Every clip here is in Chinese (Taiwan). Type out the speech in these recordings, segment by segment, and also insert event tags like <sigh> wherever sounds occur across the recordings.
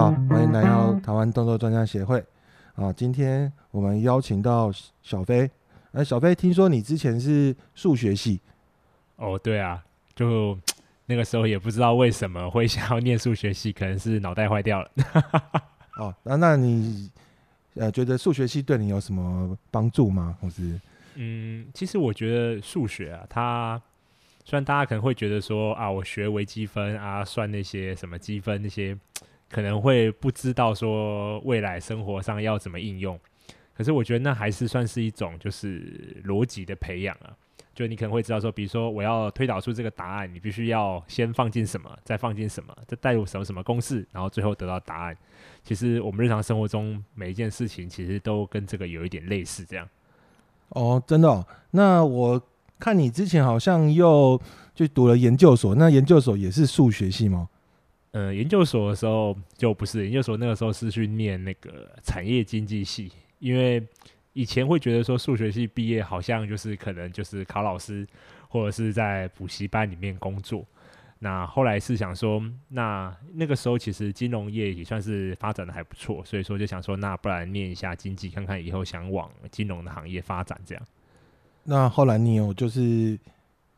歡迎來到台灣動作專家協會。啊，今天我們邀請到小飛，欸，小飛，聽說你之前是數學系，哦，對啊，就那個時候也不知道為什麼會想要念數學系，可能是腦袋壞掉了。 <laughs> 哦，那、啊、那你呃，覺得數學系對你有什麼幫助嗎？公司？嗯，其實我覺得數學啊，它雖然大家可能會覺得說啊，我學微積分啊，算那些什麼積分那些。可能會不知道說未來生活上要怎麼應用，可是我覺得那還是算是一種就是邏輯的培養啊。就你可能會知道說，比如說我要推導出這個答案，你必須要先放進什麼，再放進什麼，再代入什麼什麼公式，然後最後得到答案。其實我們日常生活中每一件事情其實都跟這個有一點類似這樣。哦，真的哦？那我看你之前好像又去讀了研究所，那研究所也是數學系嗎？呃、嗯，研究所的時候就不是研究所，那個時候是去念那個產業經濟系，因為以前會覺得說數學系畢業好像就是可能就是考老師或者是在補習班裡面工作。那後來是想說，那那個時候其實金融業也算是發展的還不錯，所以說就想說，那不然念一下經濟，看看以後想往金融的行業發展這樣。那後來你有就是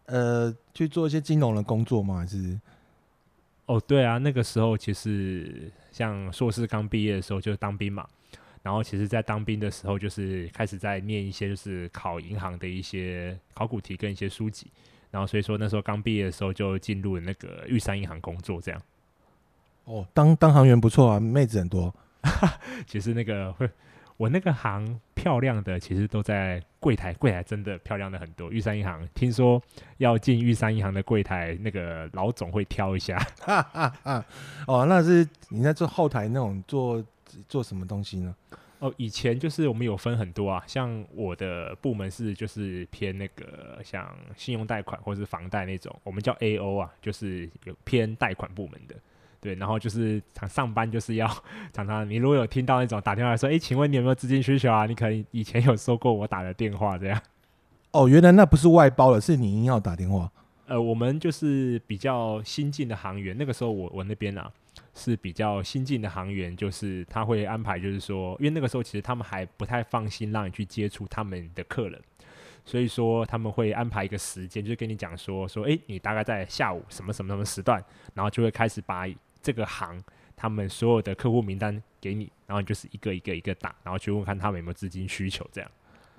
呃去做一些金融的工作嗎？還是？哦、oh，對啊，那個時候其實像碩士剛畢業的時候就是當兵嘛，然後其實，在當兵的時候就是開始在念一些就是考銀行的一些考古題跟一些書籍，然後所以說那時候剛畢業的時候就進入了那個玉山銀行工作，這樣。哦，當當行員不錯啊，妹子很多。 <laughs> 其實那個會，我那個行。漂亮的其實都在櫃台，櫃台真的漂亮的很多。玉山銀行聽說要進玉山銀行的櫃台，那個老總會挑一下哈哈哈哈。哦，那是你在做後台那種做做什麼東西呢？哦，以前就是我們有分很多啊，像我的部門是就是偏那個像信用貸款或者是房貸那種，我們叫 A O 啊，就是有偏貸款部門的。對，然後就是常上班，就是要常常。你如果有聽到那種打電話說：“哎、欸，請問你有沒有資金需求啊？”你可能以前有收過我打的電話，這樣。哦，原來那不是外包的，是你硬要打電話。呃，我們就是比較新進的行員。那個時候我，我我那邊啊是比較新進的行員，就是他會安排，就是說，因為那個時候其實他們還不太放心讓你去接觸他們的客人，所以說他們會安排一個時間，就是、跟你講說：“說哎、欸，你大概在下午什麼什麼什麼時段，然後就會開始把。”這個行，他們所有的客戶名單給你，然後你就是一個一個一個打，然後去問看他們有沒有資金需求，這樣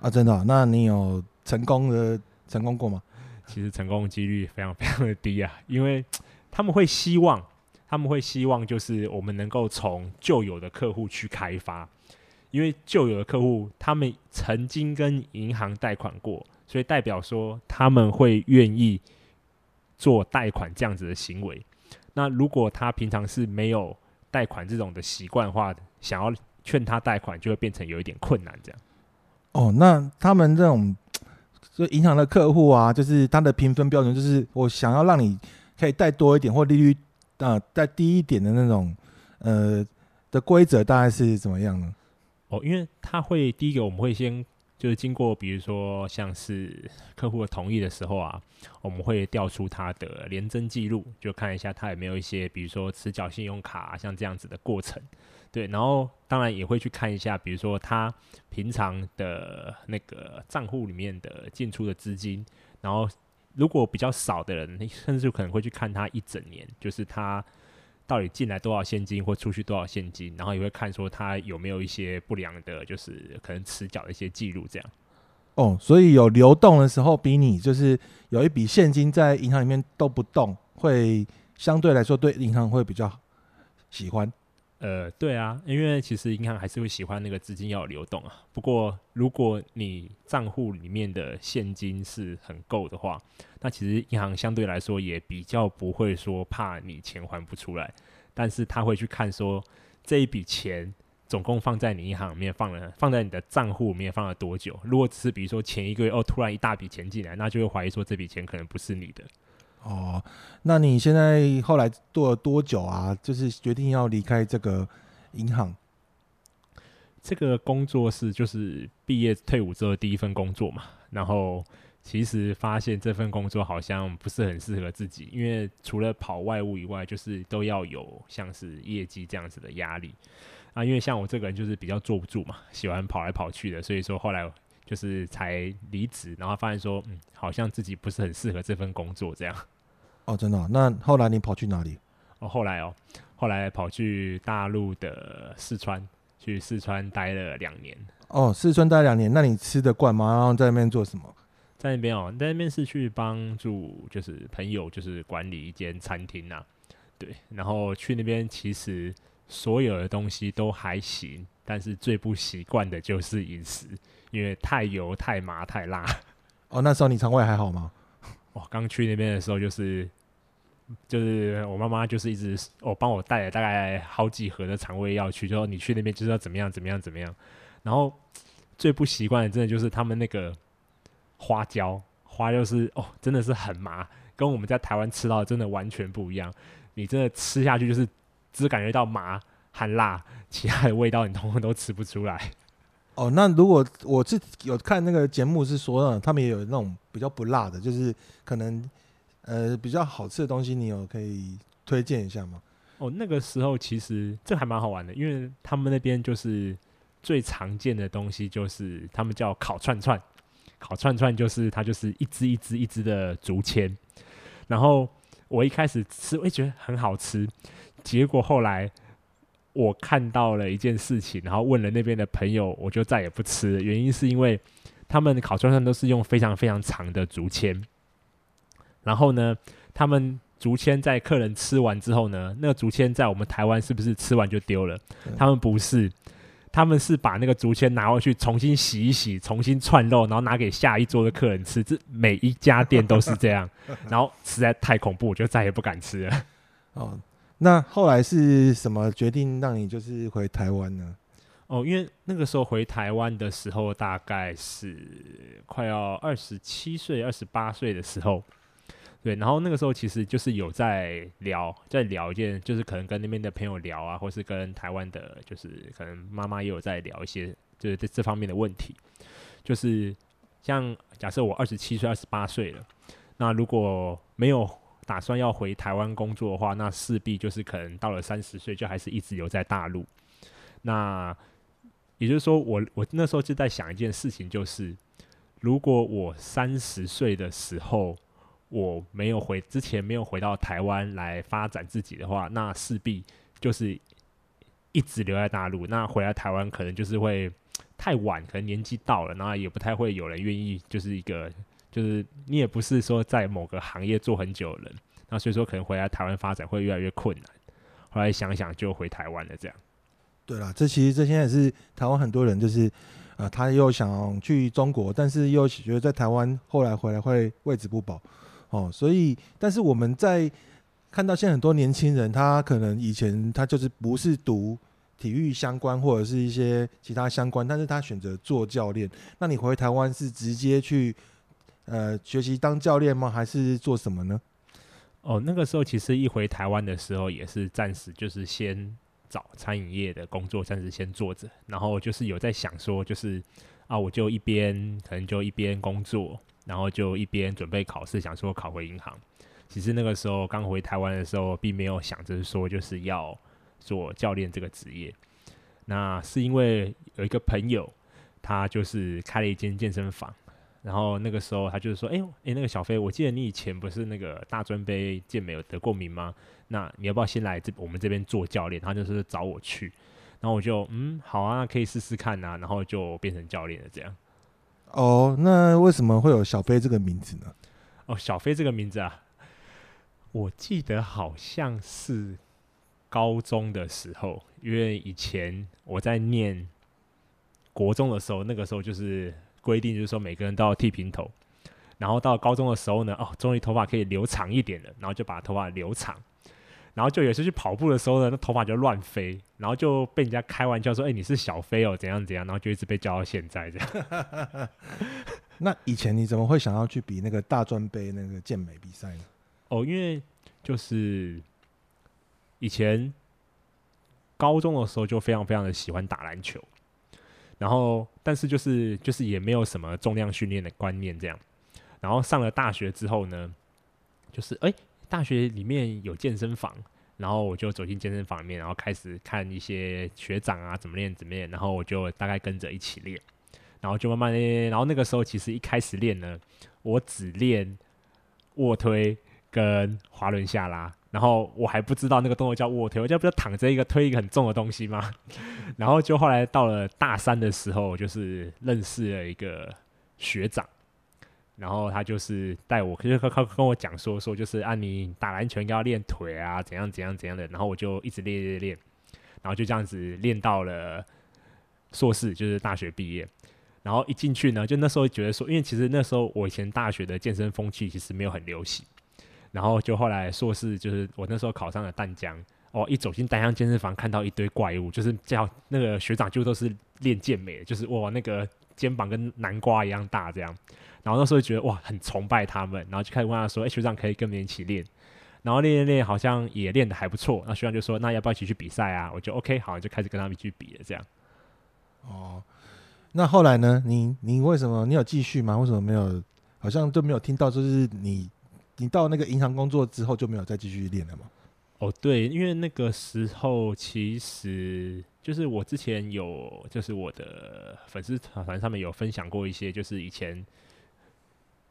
啊，真的啊？那你有成功的成功過嗎？其實成功幾率非常非常的低啊，因為他們會希望，他們會希望就是我們能夠從舊有的客戶去開發，因為舊有的客戶他們曾經跟銀行貸款過，所以代表說他們會願意做貸款這樣子的行為。那如果他平常是沒有貸款這種的習慣的話，想要勸他貸款，就會變成有一點困難這樣。哦，那他們這種就銀行的客戶啊，就是他的評分標準，就是我想要讓你可以貸多一點或利率啊，貸、呃、低一點的那種呃的規則，大概是怎麼樣呢？哦，因為他會第一個我們會先。就是經過，比如說像是客戶的同意的時候啊，我們會調出他的聯徵記錄，就看一下他有沒有一些，比如說遲繳信用卡啊，像這樣子的過程，對，然後當然也會去看一下，比如說他平常的那個賬戶裡面的進出的資金，然後如果比較少的人，甚至可能會去看他一整年，就是他。到底進來多少現金或出去多少現金，然後也會看說他有沒有一些不良的，就是可能遲繳的一些記錄，這樣。哦，所以有流動的時候，比你就是有一筆現金在銀行裡面都不動，會相對來說對銀行會比較喜歡。呃，對啊，因為其實銀行還是會喜歡那個資金要有流動啊。不過，如果你賬戶裡面的現金是很夠的話，那其實銀行相對來說也比較不會說怕你錢還不出來。但是他會去看說，這一筆錢總共放在你銀行裡面放了，放在你的賬戶裡面放了多久？如果只是比如說前一個月哦突然一大筆錢進來，那就會懷疑說，這筆錢可能不是你的。哦，那你現在後來做了多久啊？就是決定要離開這個銀行？這個工作是就是畢業退伍之後第一份工作嘛。然後其實發現這份工作好像不是很適合自己，因為除了跑外務以外，就是都要有像是業績這樣子的壓力啊。因為像我這個人就是比較坐不住嘛，喜歡跑來跑去的，所以說後來就是才離職，然後發現說嗯，好像自己不是很適合這份工作這樣。哦，真的哦？那後來你跑去哪裡？哦，後來哦，後來跑去大陸的四川，去四川待了兩年。哦，四川待兩年，那你吃得慣嗎？然後在那邊做什麼？在那邊哦，在那邊是去幫助，就是朋友，就是管理一間餐廳啊。對，然後去那邊其實所有的東西都還行，但是最不習慣的就是飲食，因為太油、太麻、太辣。哦，那時候你腸胃還好嗎？哇、哦，剛去那邊的時候就是。就是我媽媽就是一直哦、喔、幫我帶了大概好幾盒的腸胃藥去，之後你去那邊就知道怎麼樣怎麼樣怎麼樣。然後最不習慣的真的就是他們那個花椒。花椒是哦、喔、真的是很麻，跟我們在台灣吃到的真的完全不一樣。你真的吃下去就是只感覺到麻和辣，其他的味道你通通都吃不出來。哦，那如果我是有看那個節目是說的，他們也有那種比較不辣的，就是可能。呃，比較好吃的東西，你有可以推薦一下嗎？哦，那個時候其實這還蠻好玩的，因為他們那邊就是最常見的東西，就是他們叫烤串串。烤串串就是它就是一支一支、一支的竹籤。然後我一開始吃，我、欸、也覺得很好吃。結果後來我看到了一件事情，然後問了那邊的朋友，我就再也不吃了。原因是因為他們烤串串都是用非常非常長的竹籤。然後呢，他們竹籤在客人吃完之後呢，那個竹籤在我們台灣是不是吃完就丟了？他們不是，他們是把那個竹籤拿回去重新洗一洗，重新串肉，然後拿給下一桌的客人吃。這每一家店都是這樣。 <laughs> 然後實在太恐怖，我就再也不敢吃了。哦，那後來是什麼決定讓你就是回台灣呢、啊？哦，因為那個時候回台灣的時候，大概是快要二十七歲、二十八歲的時候。對，然後那個時候其實就是有在聊，在聊一件，就是可能跟那邊的朋友聊啊，或是跟台灣的，就是可能媽媽也有在聊一些，就是這這方面的問題。就是像假設我二十七歲、二十八歲了，那如果沒有打算要回台灣工作的話，那勢必就是可能到了三十歲就還是一直留在大陸。那也就是說我，我我那時候就在想一件事情，就是如果我三十歲的時候。我沒有回之前沒有回到台灣來發展自己的話，那勢必就是一直留在大陸。那回來台灣可能就是會太晚，可能年紀到了，然後也不太會有人願意。就是一個就是你也不是說在某個行業做很久的人，那所以說可能回來台灣發展會越來越困難。後來想想就回台灣了，這樣。對啦，這其實這現在也是台灣很多人就是、呃、他又想去中國，但是又覺得在台灣後來回來會位置不保。哦，所以，但是我們在看到現在很多年輕人，他可能以前他就是不是讀體育相關或者是一些其他相關，但是他選擇做教練。那你回台灣是直接去呃學習當教練嗎？還是做什麼呢？哦，那個時候其實一回台灣的時候也是暫時就是先找餐飲業的工作，暫時先做着，然後就是有在想說，就是啊，我就一邊可能就一邊工作。然後就一邊準備考試，想說考回銀行。其實那個時候剛回台灣的時候，並沒有想着說就是要做教練這個職業。那是因為有一個朋友，他就是開了一間健身房。然後那個時候他就是說：“哎呦，哎，那個小飛，我記得你以前不是那個大專杯健美有得過名嗎？那你要不要先來這我們這邊做教練？”他就是找我去，然後我就嗯，好啊，可以試試看啊，然後就變成教練了這樣。哦，那為什麼會有小飛這個名字呢？哦，小飛這個名字啊，我記得好像是高中的時候，因為以前我在念國中的時候，那個時候就是規定，就是說每個人都要剃平頭，然後到高中的時候呢，哦，終於頭髮可以留長一點了，然後就把頭髮留長。然後就有時候去跑步的時候呢，那頭髮就亂飛，然後就被人家開玩笑說：“哎、欸，你是小飛哦、喔，怎樣怎樣？”然後就一直被叫到現在這樣 <laughs> 。那以前你怎麼會想要去比那個大專盃那個健美比賽呢？哦，因為就是以前高中的時候就非常非常的喜歡打籃球，然後但是就是就是也沒有什麼重量訓練的觀念這樣。然後上了大學之後呢，就是哎。欸大學裡面有健身房，然後我就走進健身房裡面，然後開始看一些學長啊，怎麼練怎麼練，然後我就大概跟着一起練，然後就慢慢練，然後那個時候其實一開始練呢，我只練臥推跟滑輪下拉，然後我還不知道那個動作叫臥推，我就不就躺着一個推一個很重的東西嗎？然後就後來到了大三的時候，就是認識了一個學長。然後他就是帶我，就他跟我講說說，就是按、啊、你打籃球應該要練腿啊，怎樣怎樣怎樣的。然後我就一直練練練，然後就這樣子練到了碩士，就是大學畢業。然後一進去呢，就那時候覺得說，因為其實那時候我以前大學的健身風氣其實沒有很流行。然後就後來碩士，就是我那時候考上了淡江，哦，一走進淡江健身房，看到一堆怪物，就是叫那個學長，就都是練健美的，就是哇、哦，那個肩膀跟南瓜一樣大，這樣。然後那時候就覺得哇，很崇拜他們，然後就開始問他說：“誒，學長可以跟別人一起練？”然後練練練，好像也練得還不錯。那學長就說：“那要不要一起去比賽啊？”我就 OK，好，就開始跟他們去比了。這樣。哦，那後來呢？你你為什麼你有繼續嗎？為什麼沒有？好像都沒有聽到，就是你你到那個銀行工作之後就沒有再繼續練了嗎？哦，對，因為那個時候其實就是我之前有，就是我的粉絲團上面有分享過一些，就是以前。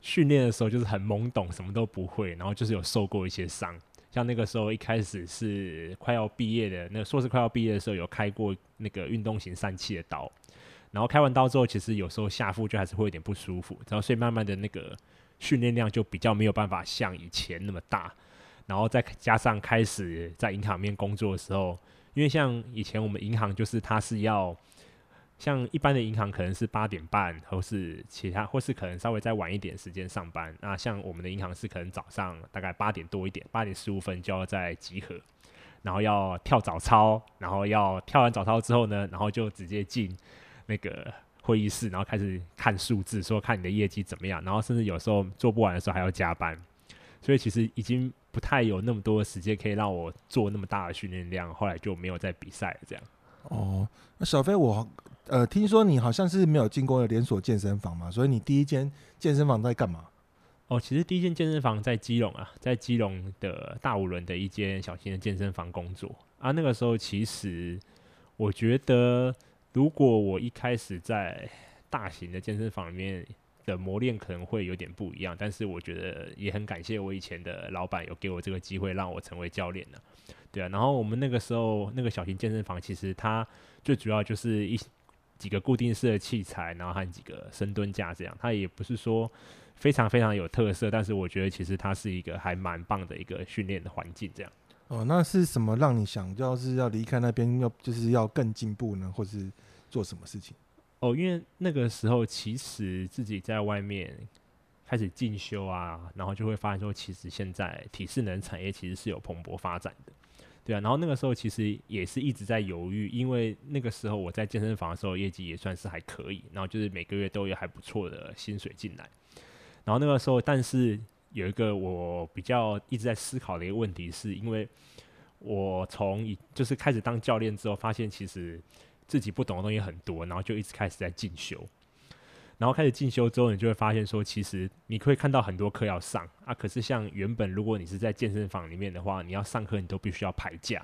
訓練的時候就是很懵懂，什麼都不會，然後就是有受過一些傷，像那個時候一開始是快要畢業的，那碩士快要畢業的時候有開過那個運動型疝氣的刀，然後開完刀之後，其實有時候下腹就還是會有點不舒服，然後所以慢慢的那個訓練量就比較沒有辦法像以前那麼大，然後再加上開始在銀行面工作的時候，因為像以前我們銀行就是它是要。像一般的銀行可能是八點半，或是其他，或是可能稍微再晚一點時間上班。那像我們的銀行是可能早上大概八點多一點，八點十五分就要再集合，然後要跳早操，然後要跳完早操之後呢，然後就直接進那個會議室，然後開始看數字，說看你的業績怎麼樣。然後甚至有時候做不完的時候還要加班，所以其實已經不太有那麼多時間可以讓我做那麼大的訓練量。後來就沒有再比賽了這樣。哦，那小飛我。呃，聽說你好像是沒有進過連鎖健身房嘛？所以你第一間健身房在幹嘛？哦，其實第一間健身房在基隆啊，在基隆的大武崙的一間小型的健身房工作啊。那個時候，其實我覺得，如果我一開始在大型的健身房裡面的磨練，可能會有點不一樣。但是，我覺得也很感謝我以前的老闆有給我這個機會，讓我成為教練呢。對啊，然後我們那個時候那個小型健身房，其實它最主要就是一。幾個固定式的器材，然後還有幾個深蹲架，這樣，它也不是說非常非常有特色，但是我覺得其實它是一個還蠻棒的一個訓練的環境，這樣。哦，那是什麼讓你想，要是要離開那邊，要就是要更進步呢，或是做什麼事情？哦，因為那個時候其實自己在外面開始進修啊，然後就會發現說，其實現在體適能產業其實是有蓬勃發展的。對啊，然後那個時候其實也是一直在猶豫，因為那個時候我在健身房的時候業績也算是還可以，然後就是每個月都有還不錯的薪水進來。然後那個時候，但是有一個我比較一直在思考的一個問題，是因為我從一就是開始當教練之後，發現其實自己不懂的東西很多，然後就一直開始在進修。然後開始進修之後，你就會發現說，其實你可以看到很多課要上啊。可是像原本如果你是在健身房裡面的話，你要上課你都必須要排假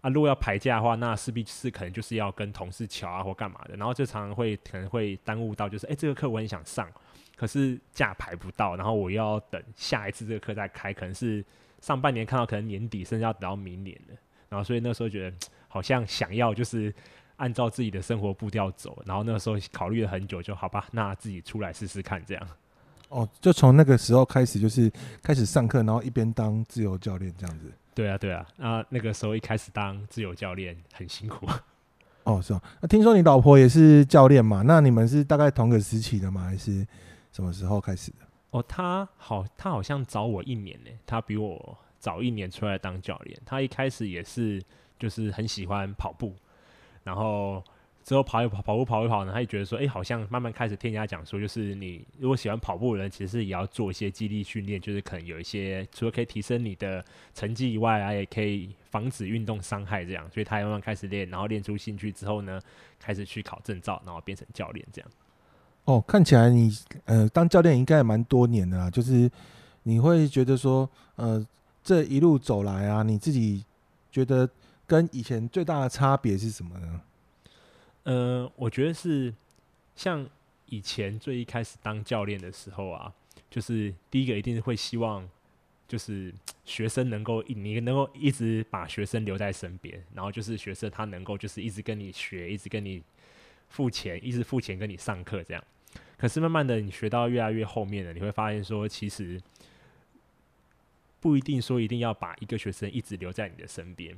啊。如果要排假的話，那勢必是可能就是要跟同事搶啊，或幹嘛的。然後就常常會可能會耽誤到，就是哎這個課我很想上，可是假排不到，然後我要等下一次這個課再開，可能是上半年看到可能年底，甚至要等到明年了。然後所以那時候覺得好像想要就是。按照自己的生活步調走，然後那個時候考慮了很久，就好吧，那自己出來試試看這樣。哦，就從那個時候開始，就是開始上課，然後一邊當自由教練這樣子。對啊，對啊，那那個時候一開始當自由教練很辛苦。哦，是嗎？啊，那，啊，聽說你老婆也是教練嘛？那你們是大概同個時期的嗎？還是什麼時候開始的？哦，她好，她好像早我一年呢，欸，她比我早一年出來當教練。她一開始也是，就是很喜歡跑步。然後之後跑一跑跑步跑一跑呢，他就覺得說，哎、欸，好像慢慢開始聽人家講說，就是你如果喜歡跑步的人，其實也要做一些肌力訓練，就是可能有一些除了可以提升你的成績以外啊，也可以防止運動傷害這樣。所以他慢慢開始練，然後練出興趣之後呢，開始去考證照，然後變成教練這樣。哦，看起來你呃當教練應該也蠻多年的，就是你會覺得說，呃，這一路走來啊，你自己覺得？跟以前最大的差別是什麼呢？呃，我覺得是像以前最一開始當教練的時候啊，就是第一個一定會希望，就是學生能夠你能夠一直把學生留在身邊，然後就是學生他能夠就是一直跟你學，一直跟你付錢，一直付錢跟你上課這樣。可是慢慢的，你學到越來越後面了，你會發現說，其實不一定說一定要把一個學生一直留在你的身邊。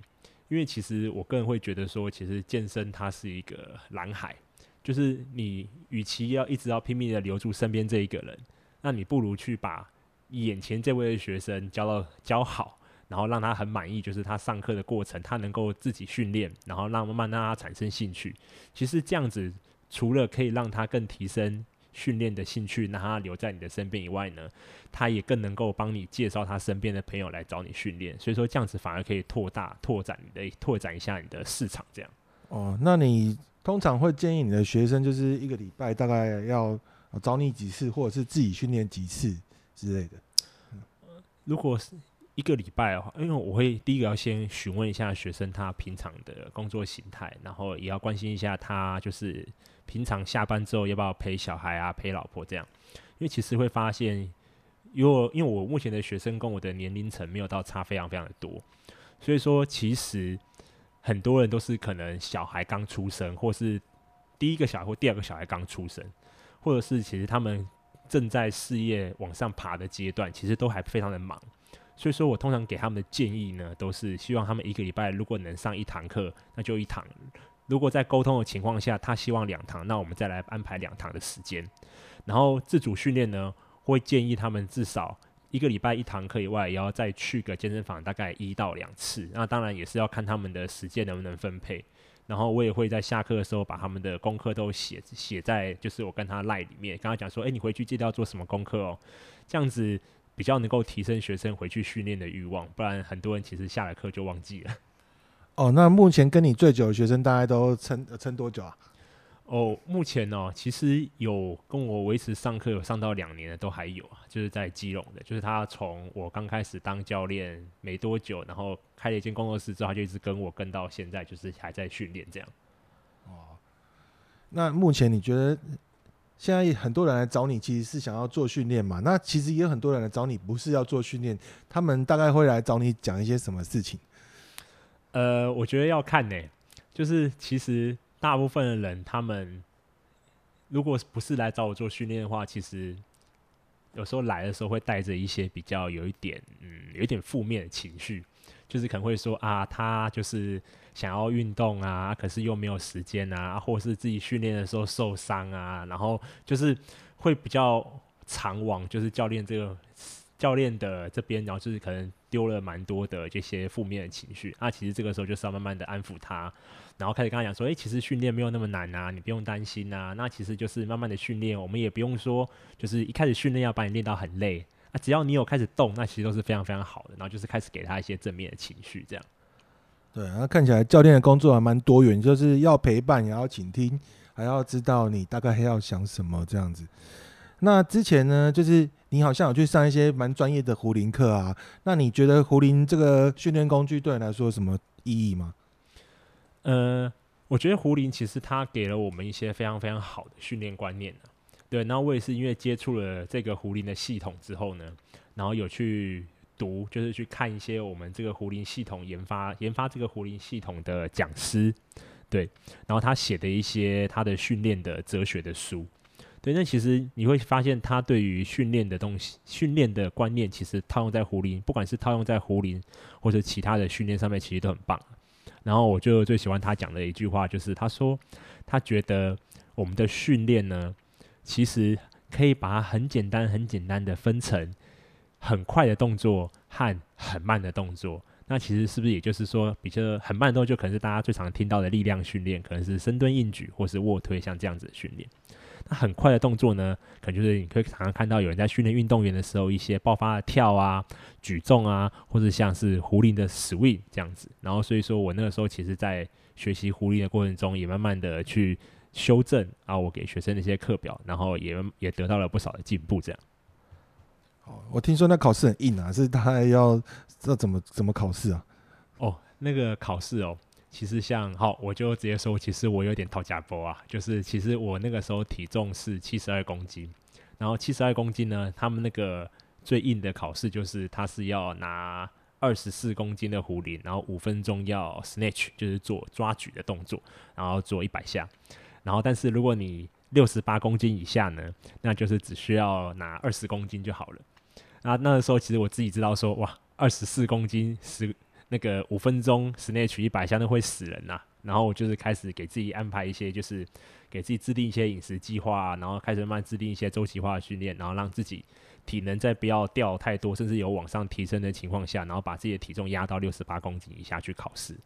因為其實我個人會覺得說，其實健身它是一個藍海，就是你與其要一直要拼命的留住身邊這一個人，那你不如去把眼前這位的學生教到教好，然後讓他很滿意，就是他上課的過程，他能夠自己訓練，然後讓慢慢讓他產生興趣。其實這樣子，除了可以讓他更提升。訓練的興趣，那他留在你的身邊以外呢，他也更能夠幫你介紹他身邊的朋友來找你訓練，所以說這樣子反而可以拓大拓展，你的拓展一下你的市場這樣。哦，那你通常會建議你的學生就是一個禮拜大概要找你幾次，或者是自己訓練幾次之類的？如果是。一個禮拜的話，因為我會第一個要先詢問一下學生他平常的工作型態，然後也要關心一下他就是平常下班之後要不要陪小孩啊、陪老婆這樣。因為其實會發現，如果因為我目前的學生跟我的年齡層沒有到差非常非常的多，所以說其實很多人都是可能小孩剛出生，或是第一個小孩或第二個小孩剛出生，或者是其實他們正在事業往上爬的階段，其實都還非常的忙。所以說我通常給他們的建議呢，都是希望他們一個禮拜如果能上一堂課，那就一堂；如果在溝通的情況下，他希望兩堂，那我們再來安排兩堂的時間。然後自主訓練呢，會建議他們至少一個禮拜一堂課以外，也要再去個健身房大概一到兩次。那當然也是要看他們的時間能不能分配。然後我也會在下課的時候把他們的功課都寫寫在，就是我跟他賴裡面，跟他講說：“誒，你回去記得要做什麼功課哦。”這樣子。比較能夠提升學生回去訓練的欲望，不然很多人其實下了課就忘記了。哦，那目前跟你最久的學生大概都撐撐多久啊？哦，目前呢、哦，其實有跟我維持上課有上到兩年的都還有啊，就是在基隆的，就是他從我剛開始當教練沒多久，然後開了一間工作室之後，他就一直跟我跟到現在，就是還在訓練這樣。哦，那目前你覺得？現在很多人來找你，其實是想要做訓練嘛。那其實也有很多人來找你，不是要做訓練，他們大概會來找你講一些什麼事情。呃，我覺得要看呢、欸，就是其實大部分的人，他們如果不是來找我做訓練的話，其實有時候來的時候會帶着一些比較有一點，嗯，有一點負面的情緒。就是可能會說啊，他就是想要運動啊，可是又沒有時間啊，或是自己訓練的時候受傷啊，然後就是會比較常往就是教練這個教練的這邊，然後就是可能丟了蠻多的這些負面的情緒。那其實這個時候就是要慢慢的安撫他，然後開始跟他講說，欸，其實訓練沒有那麼難啊，你不用擔心啊。那其實就是慢慢的訓練，我們也不用說就是一開始訓練要把你練到很累。啊、只要你有開始動，那其實都是非常非常好的。然後就是開始給他一些正面的情緒，這樣。對、啊，那看起來教練的工作還蠻多元，就是要陪伴，也要傾聽，還要知道你大概還要想什麼這樣子。那之前呢，就是你好像有去上一些蠻專業的壺鈴課啊。那你覺得壺鈴這個訓練工具對你來說有什麼意義嗎？呃，我覺得壺鈴其實他給了我們一些非常非常好的訓練觀念、啊對，然後我也是因為接觸了這個胡林的系統之後呢，然後有去讀，就是去看一些我們這個胡林系統研發、研發這個胡林系統的講師，對，然後他寫的一些他的訓練的哲學的書，對，那其實你會發現他對於訓練的東西、訓練的觀念，其實套用在胡林，不管是套用在胡林或者其他的訓練上面，其實都很棒。然後我就最喜歡他講的一句話，就是他說他覺得我們的訓練呢，其實可以把它很簡單、很簡單的分成很快的動作和很慢的動作。那其實是不是也就是說，比較很慢的動作，就可能是大家最常聽到的力量訓練，可能是深蹲、硬舉或是臥推，像這樣子的訓練。那很快的動作呢，可能就是你可以常常看到有人在訓練運動員的時候，一些爆發的跳啊、舉重啊，或者像是壺鈴的 swing 這樣子。然後，所以說我那個時候，其實在學習壺鈴的過程中，也慢慢的去。修正啊！我給學生那些課表，然後也也得到了不少的進步。這樣，哦，我聽說那考試很硬啊，是大概要那怎麼怎麼考試啊？哦，那個考試哦，其實像好、哦，我就直接說，其實我有點偷吃步啊，就是其實我那個時候體重是七十二公斤，然後七十二公斤呢，他們那個最硬的考試就是他是要拿二十四公斤的壺鈴，然後五分鐘要 snatch，就是做抓舉的動作，然後做一百下。然後，但是如果你六十八公斤以下呢，那就是只需要拿二十公斤就好了。那那個時候其實我自己知道說，哇，二十四公斤十那個五分鐘 snatch 一百下那會死人吶、啊。然後我就是開始給自己安排一些，就是給自己制定一些飲食計劃，然後開始慢慢制定一些周期化的訓練，然後讓自己體能在不要掉太多，甚至有往上提升的情況下，然後把自己的體重壓到六十八公斤以下去考試。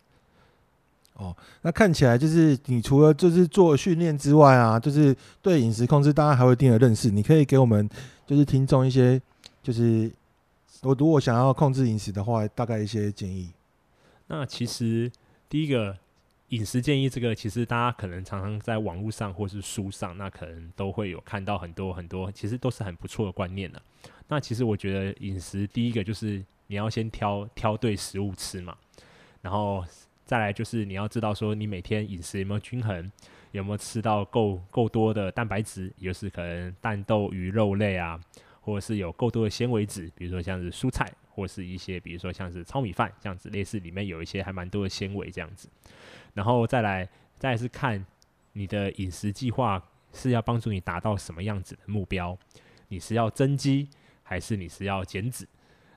哦，那看起來就是你除了就是做訓練之外啊，就是對飲食控制，大家還有一定的認識。你可以給我們就是聽眾一些，就是我如果想要控制飲食的話，大概一些建議。那其實第一個飲食建議，這個其實大家可能常常在網絡上或是書上，那可能都會有看到很多很多，其實都是很不錯的觀念呢。那其實我覺得飲食第一個就是你要先挑挑對食物吃嘛，然後。再來就是你要知道說你每天飲食有沒有均衡，有沒有吃到夠夠多的蛋白質，也就是可能蛋豆魚肉類啊，或者是有夠多的纖維質，比如說像是蔬菜，或是一些比如說像是糙米飯這樣子，類似裡面有一些還蠻多的纖維這樣子。然後再來，再來是看你的飲食計劃是要幫助你達到什麼樣子的目標，你是要增肌還是你是要減脂？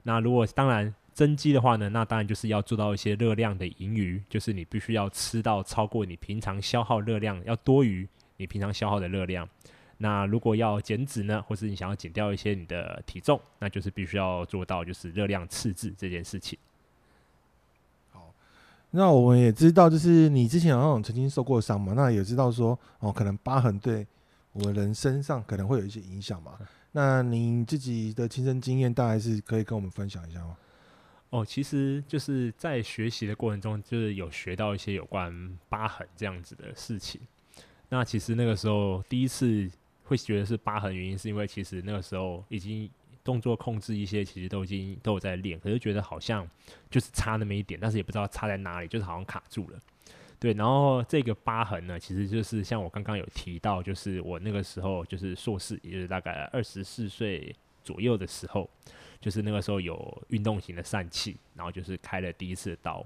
那如果當然。增肌的話呢，那當然就是要做到一些熱量的盈餘，就是你必須要吃到超過你平常消耗熱量，要多於你平常消耗的熱量。那如果要減脂呢，或是你想要減掉一些你的體重，那就是必須要做到就是熱量赤字這件事情。好，那我們也知道，就是你之前好像曾經受過傷嘛，那也知道說哦，可能疤痕對我們人身上可能會有一些影響嘛。那你自己的親身經驗，大概是可以跟我們分享一下嗎？哦，其實就是在學習的過程中，就是有學到一些有關疤痕這樣子的事情。那其實那個時候第一次會覺得是疤痕的原因，是因為其實那個時候已經動作控制一些，其實都已經都有在練，可是覺得好像就是差那麼一點，但是也不知道差在哪裡，就是好像卡住了。對，然後這個疤痕呢，其實就是像我剛剛有提到，就是我那個時候就是碩士，也是大概二十四歲，左右的時候，就是那個時候有運動型的疝氣，然後就是開了第一次的刀，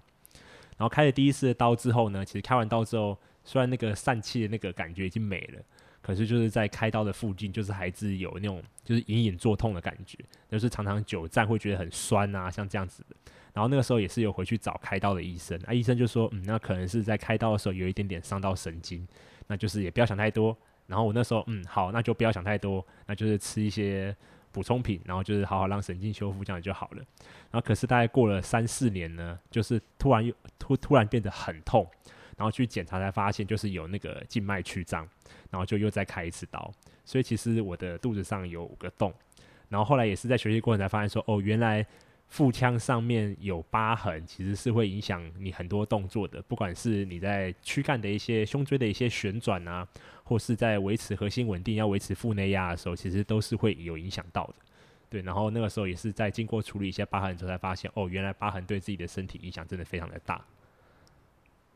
然後開了第一次的刀之後呢，其實開完刀之後，雖然那個疝氣的那個感覺已經沒了，可是就是在開刀的附近，就是還是有那種就是隱隱作痛的感覺，就是常常久站會覺得很酸啊，像這樣子的，然後那個時候也是有回去找開刀的醫生啊，醫生就說，嗯，那可能是在開刀的時候有一點點傷到神經，那就是也不要想太多。然後我那時候，嗯，好，那就不要想太多，那就是吃一些。補充品，然後就是好好讓神經修復，這樣就好了。然後可是大概過了三四年呢，就是突然又突突然變得很痛，然後去檢查才發現就是有那個靜脈曲張，然後就又再開一次刀。所以其實我的肚子上有五個洞。然後後來也是在學習過程才發現說，哦，原來腹腔上面有疤痕，其實是會影響你很多動作的，不管是你在軀幹的一些胸椎的一些旋轉啊。或是在維持核心穩定，要維持腹內壓的時候，其實都是會有影響到的，對。然後那個時候也是在經過處理一些疤痕之後，才發現哦，原來疤痕對自己的身體影響真的非常的大。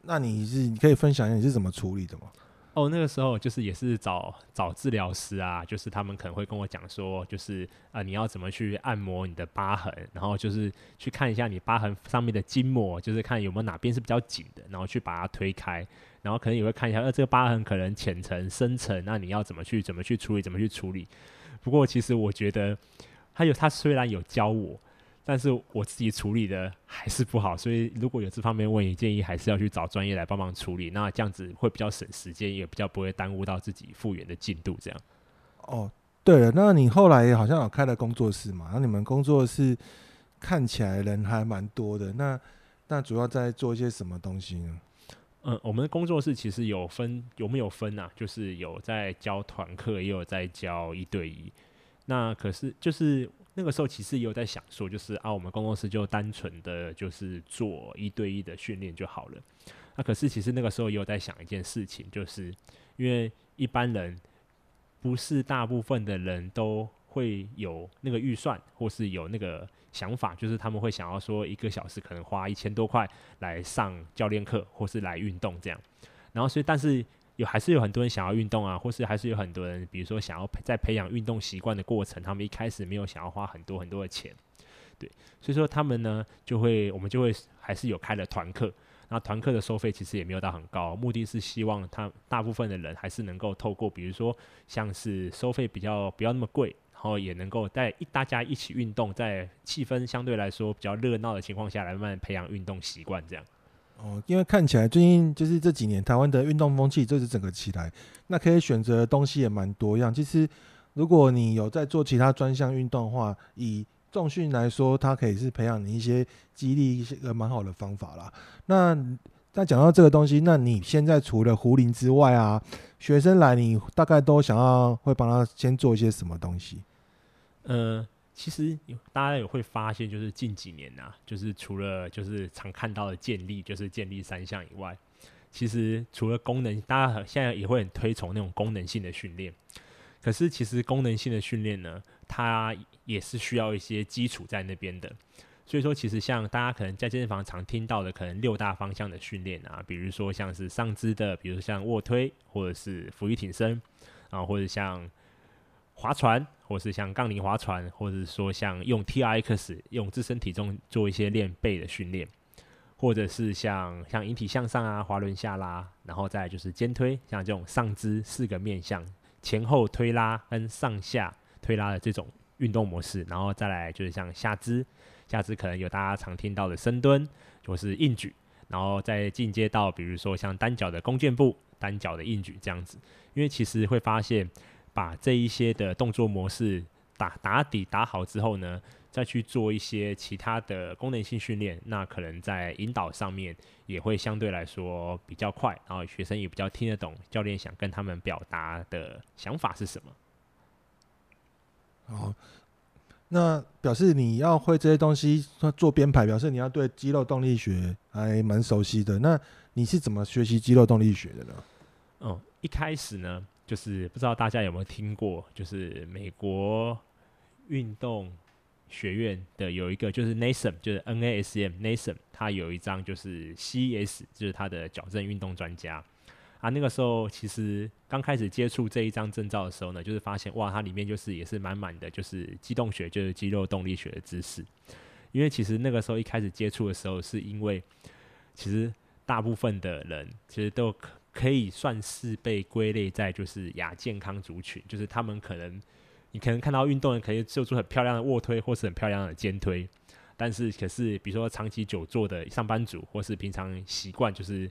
那你是你可以分享一下你是怎麼處理的嗎？哦，那個時候就是也是找找治療師啊，就是他們可能會跟我講說，就是啊、呃，你要怎麼去按摩你的疤痕，然後就是去看一下你疤痕上面的筋膜，就是看有沒有哪邊是比較緊的，然後去把它推開，然後可能也會看一下，呃，這個疤痕可能淺層、深層，那你要怎麼去怎麼去處理，怎麼去處理。不過其實我覺得，他有他雖然有教我。但是我自己處理的還是不好，所以如果有這方面問題，建議還是要去找專業來幫忙處理。那這樣子會比較省時間，也比較不會耽誤到自己復原的進度。這樣。哦，對了，那你後來好像有開了工作室嘛？那你們工作室看起來人還蠻多的。那那主要在做一些什麼東西呢？嗯，我們的工作室其實有分，有沒有分啊？就是有在教團課，也有在教一對一。那可是就是。那個時候其實也有在想說，就是啊，我們工作室就單純的就是做一對一的訓練就好了啊。那可是其實那個時候也有在想一件事情，就是因為一般人不是大部分的人都會有那個預算，或是有那個想法，就是他們會想要說一個小時可能花一千多塊來上教練課，或是來運動這樣。然後所以但是。有還是有很多人想要運動啊，或是還是有很多人，比如說想要在培養運動習慣的過程，他們一開始沒有想要花很多很多的錢，對，所以說他們呢就會，我們就會還是有開了團課，那團課的收費其實也沒有到很高，目的是希望他大部分的人還是能夠透過，比如說像是收費比較不要那麼貴，然後也能夠帶一大家一起運動，在氣氛，相對來說比較熱鬧的情況下來慢慢培養運動習慣這樣。哦，因為看起來最近就是這幾年台灣的運動風氣就是整個起來，那可以選擇的東西也蠻多樣。其實如果你有在做其他專項運動的話，以重訓來說，它可以是培養你一些肌力一些個蠻好的方法啦。那再講到這個東西，那你現在除了壺鈴之外啊，學生來你大概都想要會幫他先做一些什麼東西？嗯、呃。其實大家也會發現，就是近幾年吶、啊，就是除了就是常看到的健力，就是健力三項以外，其實除了功能，大家現在也會很推崇那種功能性的訓練。可是其實功能性的訓練呢，它也是需要一些基礎在那邊的。所以說，其實像大家可能在健身房常聽到的，可能六大方向的訓練啊，比如說像是上肢的，比如像臥推或者是伏地挺身啊，或者像划船，或是像槓鈴划船，或者說像用 TRX 用自身體重做一些練背的訓練，或者是像者是像，用 TRX，用者是像，像引體向上啊、滑輪下拉，然後再就是肩推，像這種上肢四個面向前後推拉跟上下推拉的這種運動模式，然後再來就是像下肢，下肢可能有大家常聽到的深蹲，或、就是硬舉，然後再進階到比如說像單腳的弓箭步、單腳的硬舉這樣子，因為其實會發現。把這一些的動作模式打打底打好之後呢，再去做一些其他的功能性訓練，那可能在引導上面也會相對來說比較快，然後學生也比較聽得懂教練想跟他們表達的想法是什麼。好、哦，那表示你要會這些東西做編排，表示你要對肌肉動力學還蠻熟悉的。那你是怎麼學習肌肉動力學的呢？嗯、哦，一開始呢。就是不知道大家有沒有聽過，就是美國運動學院的有一個就是 NASM，就是 NASM NASM，它有一張就是 CES，就是它的矯正運動專家。啊，那個時候其實剛開始接觸這一張證照的時候呢，就是發現哇，它裡面就是也是滿滿的，就是肌動學，就是肌肉動力學的知識。因為其實那個時候一開始接觸的時候，是因為其實大部分的人其實都可。可以算是被歸類在就是亞健康族群，就是他們可能你可能看到運動員可以做出很漂亮的臥推或是很漂亮的肩推，但是可是比如說，長期久坐的上班族或是平常習慣就是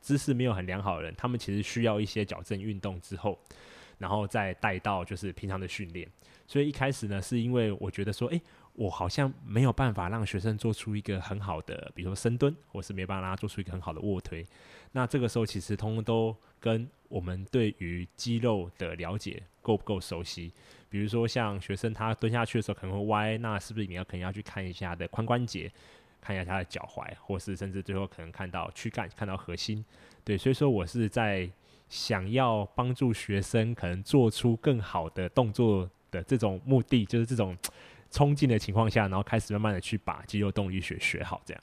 姿勢沒有很良好的人，他們其實需要一些矯正運動之後，然後再帶到就是平常的訓練。所以一開始呢，是因為我覺得說，誒、欸。我好像沒有辦法讓學生做出一個很好的，比如說深蹲，或是沒辦法讓他做出一個很好的臥推。那這個時候其實通通都跟我們對於肌肉的了解夠不夠熟悉。比如說，像學生他蹲下去的時候可能會歪，那是不是你要可能要去看一下他的髖關節，看一下他的腳踝，或是甚至最後可能看到軀幹，看到核心。對，所以說我是在想要幫助學生可能做出更好的動作的這種目的，就是這種。衝勁的情況下，然後開始慢慢的去把肌肉動力學學好，這樣。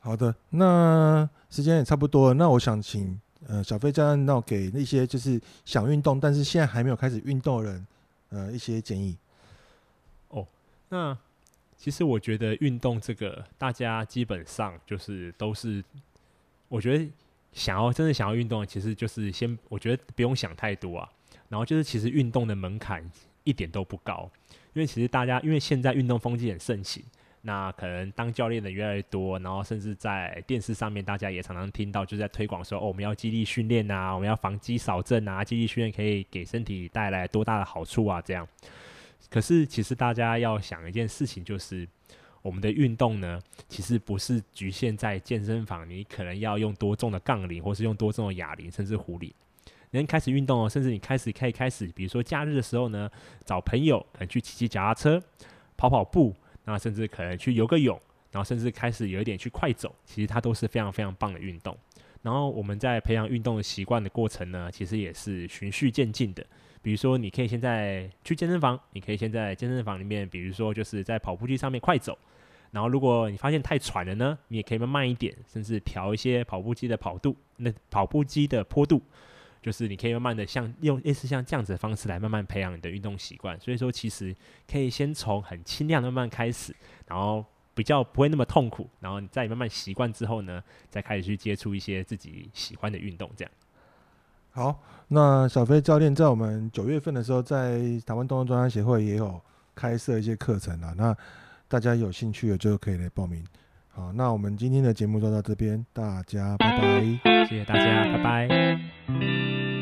好的，那時間也差不多了，那我想請呃小飛教練，那我給那些就是想運動，但是現在還沒有開始運動的人，呃一些建議。哦，那其實我覺得運動這個，大家基本上就是都是，我覺得想要真的想要運動，其實就是先我覺得不用想太多啊，然後就是其實運動的門檻一點都不高。因為其實大家，因為現在運動風氣很盛行，那可能當教練的越來越多，然後甚至在電視上面，大家也常常聽到，就在推廣說，哦，我們要肌力訓練啊，我們要防肌少症啊，肌力訓練可以給身體帶來多大的好處啊，這樣。可是其實大家要想一件事情，就是我們的運動呢，其實不是局限在健身房，你可能要用多重的槓鈴，或是用多重的啞鈴，甚至壺鈴。人開始運動哦，甚至你開始可以開始，比如說假日的時候呢，找朋友可能去騎騎腳踏車、跑跑步，那甚至可能去游個泳，然後甚至開始有一點去快走，其實它都是非常非常棒的運動。然後我們在培養運動的習慣的過程呢，其實也是循序漸進的。比如說，你可以現在去健身房，你可以先在健身房裡面，比如說就是在跑步機上面快走，然後如果你發現太喘了呢，你也可以慢慢一點，甚至調一些跑步機的跑度，那跑步機的坡度。就是你可以慢慢的像，像用類似像這樣子的方式來慢慢培養你的運動習慣。所以說，其實可以先從很輕量的慢慢開始，然後比較不會那麼痛苦，然後再你再慢慢習慣之後呢，再開始去接觸一些自己喜歡的運動。這樣。好，那小飛教練在我們九月份的時候，在台灣動作專家協會也有開設一些課程了。那大家有興趣的就可以來報名。好，那我們今天的節目就到這邊，大家拜拜，好，謝謝大家，拜拜。